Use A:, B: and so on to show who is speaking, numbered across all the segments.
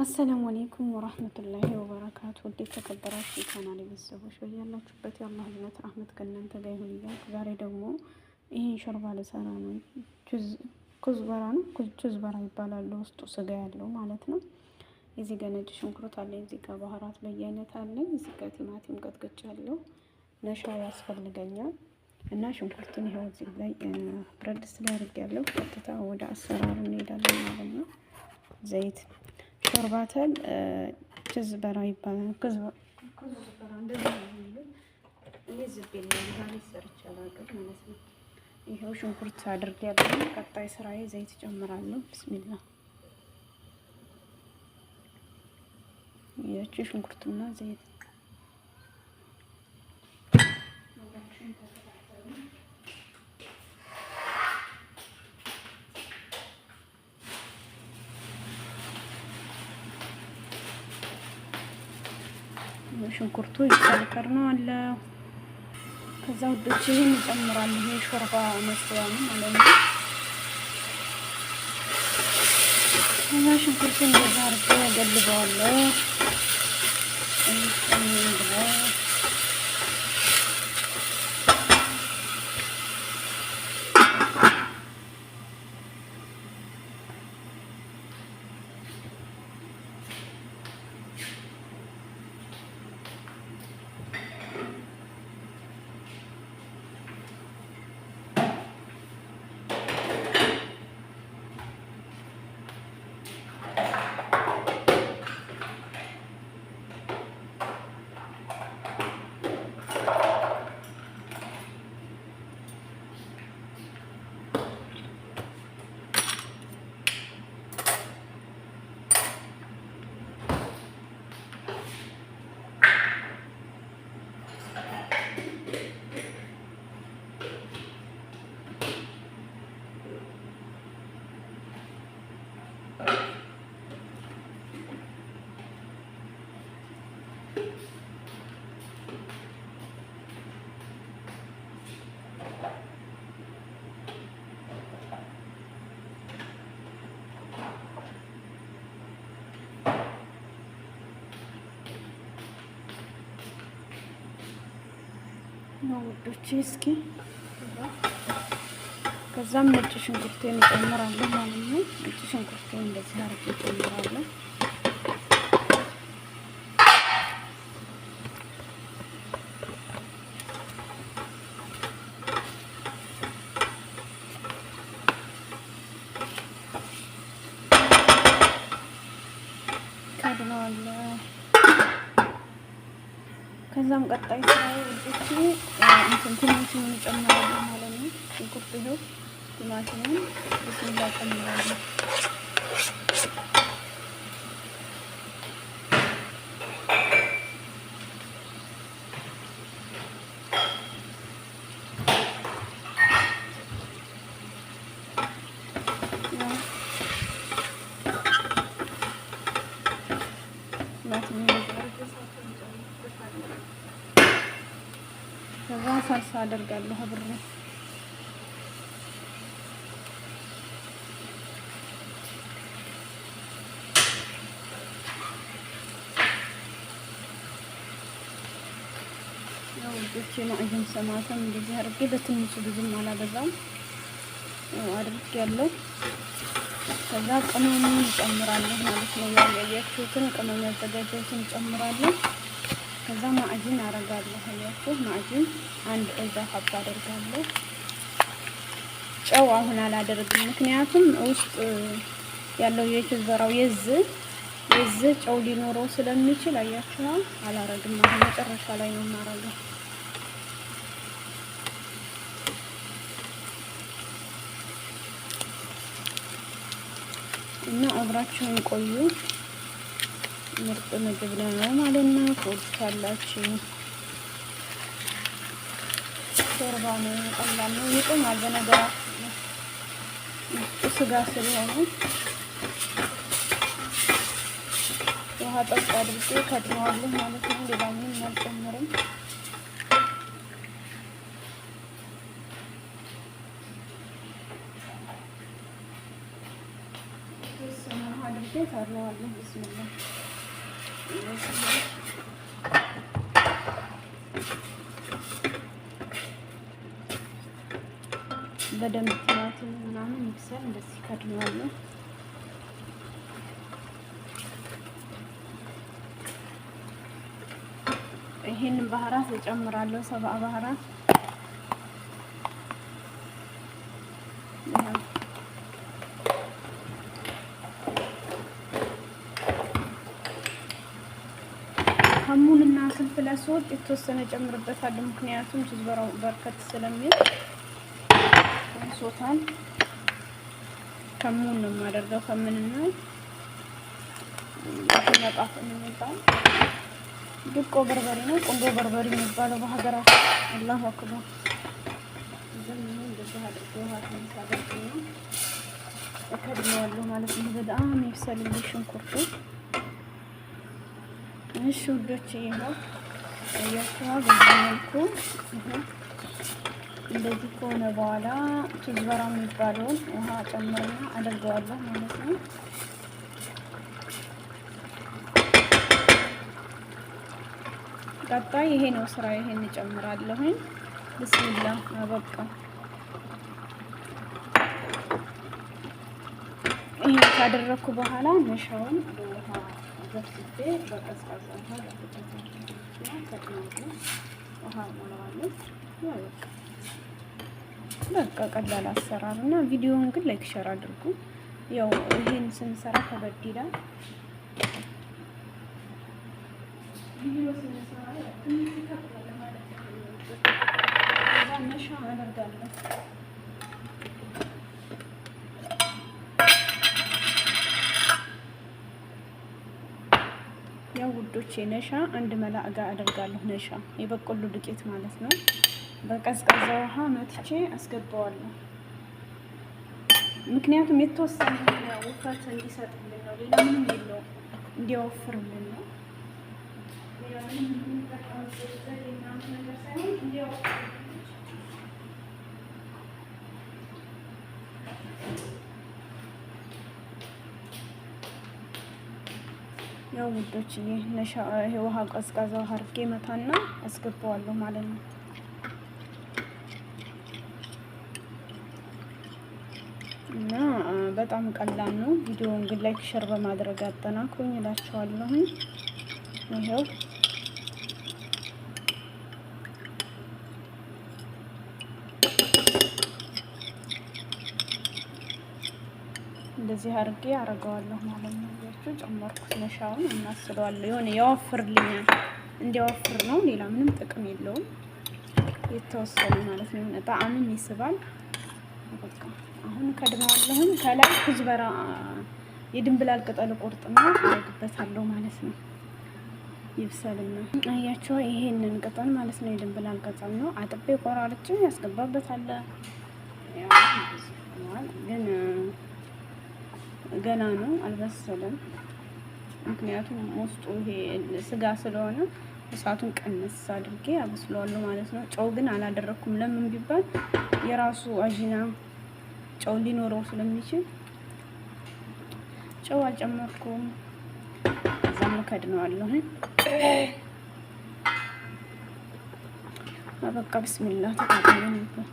A: አሰላሙ አሌይኩም ወራህመቱላሂ ወበረካቱ። ውድ የተከበራችሁ የቻናሌ ቤተሰቦች በያላችሁበት የአላህ እዝነት ረህመት ከእናንተ ጋር ይሁን እያልኩ ዛሬ ደግሞ ይህን ሾርባ ልሰራ ነው። ኩዝበራ ነው፣ ኩዝበራ ይባላል። ውስጡ ስጋ ያለው ማለት ነው። እዚህ ጋ ነጭ ሽንኩርት አለኝ፣ እዚህ ጋ ባህራት በየአይነት አለኝ፣ እዚህ ጋ ቲማቲም ቀጥቅጭ ያለው ለሻይ ያስፈልገኛል እና ሽንኩርቱን ይኸው እዚህ ላይ ብረት ድስት ላይ አድርጌያለሁ። ቀጥታ ወደ አሰራሩ እንሄዳለን ማለት ነው። ዘይት ሾርባተን ክዝ በራ ይባላል። ክዝ በራ ይኸው ሽንኩርት አድርግ ያለኝ። ቀጣይ ስራዬ ዘይት ጨምራለሁ። ብስሚላ ያቺ ሽንኩርትና ዘይት ሽንኩርቱ ይጨምር ነው አለ። ከዛ ውዶች ይሄን ይጨምራል። ይሄ ሾርባ መስሪያ ነው ማለት ነው። ከዛ ሽንኩርቱን እንደዛ አድርጌ እገልበዋለሁ። ነው ውዶቼ። እስኪ ከዛም ነጭ ሽንኩርቴን እጨምራለሁ ማለት ነው። ነጭ ሽንኩርቴን እንደዚህ አርጌ እጨምራለሁ። ከዛም ቀጣይ ስራዬ ውዶቼ እንትን ቲማቲሙን ጨምራለሁ ማለት ነው። ሽንኩርት ይኸው ቲማቲሙን ብስላ ጨምራለሁ። ከዛ ሳልሳ አደርጋለሁ አብሬ ውዶቼ ማዕዘን ሰማተም እንደዚህ አድርጌ በትንሹ ብዙም አላበዛም አድርጌ ያለው ከዛ ቅመም እንጨምራለን ማለት ነው። ያያችሁትን ቅመም ያዘጋጀሁትን እንጨምራለን። ከዛ ማዕጅን አረጋለሁ። ያያችሁ ማዕጅን አንድ እዛ ሀብ አደርጋለሁ። ጨው አሁን አላደርግም፣ ምክንያቱም ውስጥ ያለው የችዘራው የዝ የዝ ጨው ሊኖረው ስለሚችል አያችኋል። አላረግም፣ አሁን መጨረሻ ላይ ነው የማረገው። እና አብራችሁን ቆዩ። ምርጥ ምግብ ነው ማለት ነው። ትወዱታላችሁ። ሾርባ ነው፣ ቀላል ነው፣ ይጥማል። በነገራችን ስጋ ስለሆነ ውሃ ጠጣ አድርጌ ከድነዋለሁ ማለት ነው። ሌላ ምንም አልጨምርም። ፈራዋለሁ። ብስሚላ በደንብ ጥራት ምናምን ሚክሰር እንደዚህ ከድናለሁ። ይሄንን ባህራት እጨምራለሁ፣ ሰብአ ባህራት ከሙንና ፍልፍል ስወጥ የተወሰነ ጨምርበታል። ምክንያቱም ጅዝበራው በርከት ስለሚል ሶታን ከሙን ነው የማደርገው። ከምንና የሚባል ድቆ በርበሬ ነው፣ ቆንጆ በርበሬ የሚባለው በሀገራችን። አላሁ አክበር ዘምን እንደዚህ አድርጎ ውሃት ነው። እከድነዋለሁ ማለት ነው። በጣም ይብሰልልኝ ሽንኩርቱ እሺ ውዶች፣ ይኸው እያችኋ በዚህ መልኩ እንደዚህ ከሆነ በኋላ ኪዝበራ የሚባለውን ውሃ ጨምርና አደርገዋለሁ ማለት ነው። ቀጣይ ይሄ ነው ስራ። ይሄን እጨምራለሁኝ። ብስሚላ አበቃ። ይሄን ካደረኩ በኋላ ነሻውን በስቤ በቀዝቃዛ ውሃ ለፍጠትና ተቅማጥ ውሃ ሞላዋለሁ። በቃ ቀላል አሰራር እና ቪዲዮውን ግን ላይክ ሸር አድርጉ። ያው ይሄን ስንሰራ ከበድ ይላል። ትንሽ ከበድ ለማለት ነው። መሻ አደርጋለሁ ውዶቼ ነሻ አንድ መላ መላእጋ አደርጋለሁ። ነሻ የበቆሎ ዱቄት ማለት ነው። በቀዝቀዛ ውሃ መትቼ አስገባዋለሁ። ምክንያቱም የተወሰነ ውፍረት እንዲሰጥልን ነው። ሌላ ምንም የለው፣ እንዲያወፍርልን ነው። ያው ውዶች ይሄ ውሃ ቀዝቃዛ ውሃ አድርጌ መታና አስገባዋለሁ ማለት ነው። እና በጣም ቀላል ነው። ቪዲዮውን ግን ላይክ ሸር በማድረግ አጠናክሩኝ እላችኋለሁ። ይኸው እንደዚህ አድርጌ አረገዋለሁ ማለት ነው። ያችሁ ጨመርኩት። ነሻውን እናስለዋለሁ። የሆነ ያወፍርልኛል፣ እንዲያወፍር ነው። ሌላ ምንም ጥቅም የለውም። የተወሰነ ማለት ነው። የሆነ ጣዕምም ይስባል። በቃ አሁን ከድነዋለሁም። ከላይ ኩዝበራ የድንብላል ቅጠል ቁርጥና አደርግበታለሁ ማለት ነው። ይብሰልና አያችሁ፣ ይሄንን ቅጠል ማለት ነው። የድንብላል ቅጠል ነው። አጥቤ ቆራርጬ ያስገባበታል ግን ገና ነው፣ አልበሰለም። ምክንያቱም ውስጡ ይሄ ስጋ ስለሆነ እሳቱን ቀነስ አድርጌ አበስለዋለሁ ማለት ነው። ጨው ግን አላደረኩም። ለምን ቢባል የራሱ አዥና ጨው ሊኖረው ስለሚችል ጨው አልጨመርኩም። እዛ መከድ ነው በቃ ብስሚላ ተቃቀለ ነበር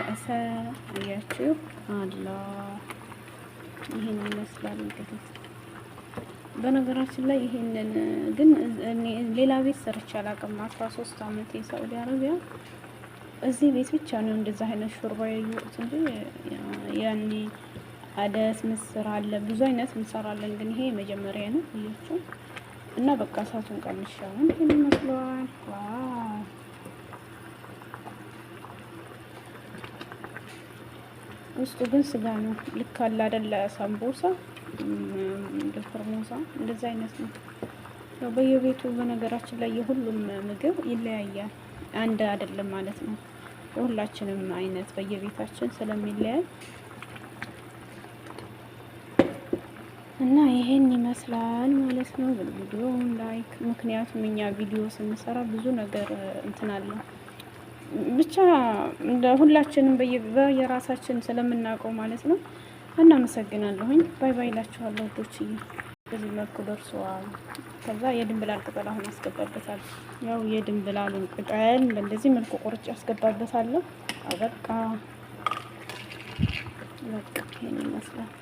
A: ረእሰ እያችሁ አላ ይህን ይመስላል እንግዲህ። በነገራችን ላይ ይሄንን ግን ሌላ ቤት ሰርቼ አላውቅም። አስራ ሶስት አመት የሳዑዲ አረቢያ እዚህ ቤት ብቻ ነው እንደዛ አይነት ሾርባ ያየሁት እንጂ ያኔ አደስ ምስር አለ ብዙ አይነት እንሰራለን፣ ግን ይሄ የመጀመሪያ ነው ብያቸው እና በቃ እሳቱን ቀንሻውን ይህን ይመስለዋል ዋ ውስጡ ግን ስጋ ነው። ልክ አለ አይደለ? ሳምቦሳ ፎርሞሳ እንደዛ አይነት ነው። ያው በየቤቱ በነገራችን ላይ የሁሉም ምግብ ይለያያል፣ አንድ አይደለም ማለት ነው። የሁላችንም አይነት በየቤታችን ስለሚለያይ እና ይሄን ይመስላል ማለት ነው። ቪዲዮውን ላይክ ምክንያቱም እኛ ቪዲዮ ስንሰራ ብዙ ነገር እንትናለን ብቻ ሁላችንም በየራሳችን ስለምናውቀው ማለት ነው። እናመሰግናለሁኝ። ባይ ባይ ላችኋለሁ ወዶች። በዚህ መልኩ ደርሰዋል። ከዛ የድንብላል ቅጠል አሁን አስገባበታል። ያው የድንብላሉን ቅጠል በእንደዚህ መልኩ ቁርጭ አስገባበታለሁ። በቃ በቃ ይሄን ይመስላል።